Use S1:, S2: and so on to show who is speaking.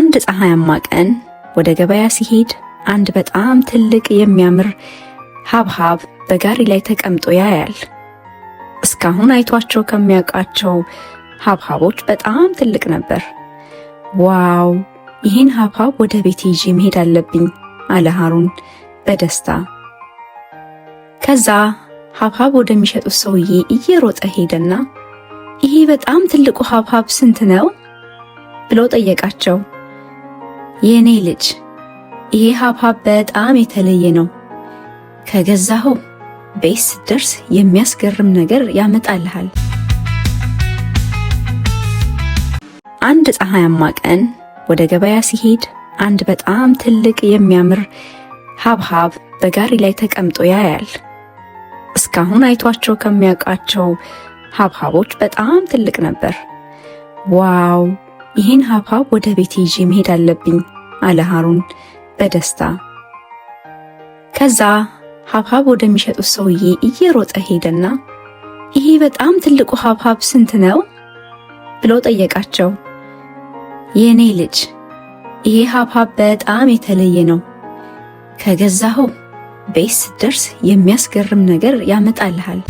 S1: አንድ ፀሐያማ ቀን ወደ ገበያ ሲሄድ አንድ በጣም ትልቅ የሚያምር ሐብሐብ በጋሪ ላይ ተቀምጦ ያያል። እስካሁን አይቷቸው ከሚያውቃቸው ሐብሐቦች በጣም ትልቅ ነበር። ዋው! ይህን ሐብሐብ ወደ ቤት ይዤ መሄድ አለብኝ አለ ሐሩን በደስታ። ከዛ ሐብሐብ ወደሚሸጡት ሰውዬ እየሮጠ ሄደና ይሄ በጣም ትልቁ ሐብሐብ ስንት ነው ብሎ ጠየቃቸው። የእኔ ልጅ ይሄ ሀብሀብ በጣም የተለየ ነው። ከገዛኸው ቤት ስትደርስ የሚያስገርም ነገር ያመጣልሃል። አንድ ፀሐያማ ቀን ወደ ገበያ ሲሄድ አንድ በጣም ትልቅ የሚያምር ሀብሀብ በጋሪ ላይ ተቀምጦ ያያል። እስካሁን አይቷቸው ከሚያውቃቸው ሀብሀቦች በጣም ትልቅ ነበር። ዋው! ይህን ሀብሀብ ወደ ቤት ይዤ መሄድ አለብኝ አለ ሃሩን በደስታ። ከዛ ሐብሐብ ወደሚሸጡት ሰውዬ እየሮጠ ሄደና ይሄ በጣም ትልቁ ሐብሐብ ስንት ነው ብሎ ጠየቃቸው። የኔ ልጅ ይሄ ሐብሐብ በጣም የተለየ ነው። ከገዛኸው ቤት ስትደርስ የሚያስገርም ነገር ያመጣልሃል